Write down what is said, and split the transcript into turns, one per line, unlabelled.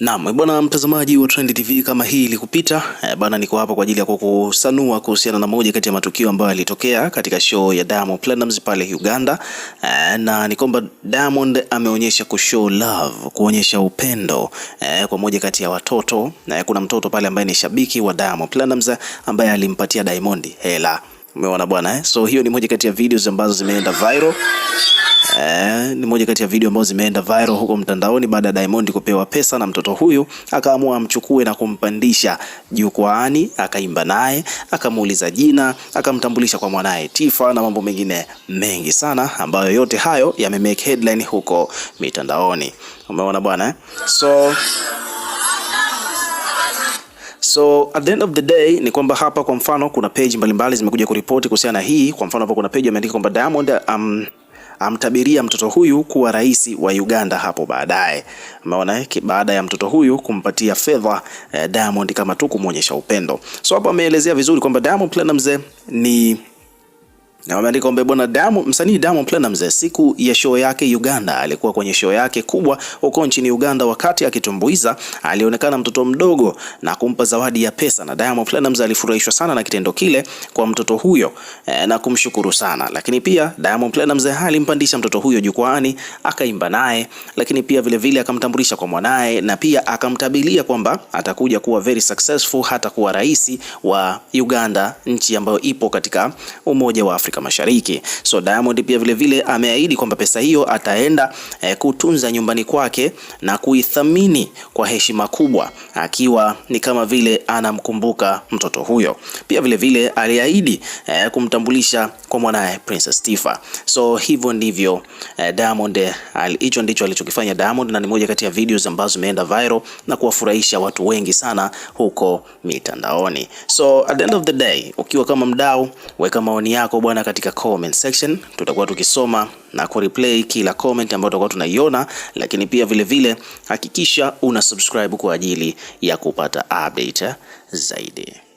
Naam, bwana mtazamaji wa Trend TV, kama hii ilikupita eh, bwana, niko hapa kwa ajili ya kukusanua kuhusiana na moja kati ya matukio ambayo yalitokea katika show ya Diamond Platinumz pale Uganda, eh, na ni kwamba Diamond ameonyesha kushow love, kuonyesha upendo eh, kwa moja kati ya watoto. Kuna mtoto pale ambaye ni shabiki wa Diamond Platinumz ambaye alimpatia Diamond hela Umeona bwana eh? So hiyo ni moja kati ya videos ambazo zimeenda viral. Eh, ni moja kati ya video ambazo zimeenda viral huko mtandaoni baada ya Diamond kupewa pesa na mtoto huyu, akaamua amchukue na kumpandisha jukwaani, akaimba naye, akamuuliza jina, akamtambulisha kwa mwanaye Tifa na mambo mengine mengi sana ambayo yote hayo yamemake headline huko mitandaoni. Umeona bwana eh? So So at the end of the day ni kwamba hapa kwa mfano kuna page mbalimbali zimekuja kuripoti kuhusiana na hii. Kwa mfano hapo kuna page imeandika kwamba Diamond um, amtabiria mtoto huyu kuwa rais wa Uganda hapo baadaye. Umeona, baada ya mtoto huyu kumpatia fedha eh, Diamond kama tu kumwonyesha upendo. So hapo ameelezea vizuri kwamba Diamond Platinumz ni na wameandika kwamba bwana Diamond, msanii Diamond Platnumz siku ya show yake Uganda, alikuwa kwenye show yake kubwa huko nchini Uganda. Wakati akitumbuiza alionekana mtoto mdogo na kumpa zawadi ya pesa, na Diamond Platnumz alifurahishwa sana na kitendo kile kwa mtoto huyo e, na kumshukuru sana. Lakini pia Diamond Platnumz alimpandisha mtoto huyo jukwaani akaimba naye, lakini pia vilevile akamtambulisha kwa mwanaye na pia akamtabilia kwamba atakuja kuwa very successful, hata kuwa rais wa Uganda, nchi ambayo ipo katika Umoja wa Afrika. Afrika Mashariki. So Diamond pia vile vile ameahidi kwamba pesa hiyo ataenda eh, kutunza nyumbani kwake na kuithamini kwa heshima kubwa, akiwa ni kama vile anamkumbuka mtoto huyo. Pia vile vile aliahidi eh, kumtambulisha kwa mwanaye Princess Tifa. So hivyo ndivyo eh, Diamond eh, hicho ndicho alichokifanya Diamond, na ni moja kati ya videos ambazo zimeenda viral na kuwafurahisha watu wengi sana huko mitandaoni. So at the end of the day, ukiwa kama mdau, weka maoni yako bwana katika comment section. Tutakuwa tukisoma na kureplay kila comment ambayo tutakuwa tunaiona, lakini pia vile vile hakikisha una subscribe kwa ajili ya kupata update zaidi.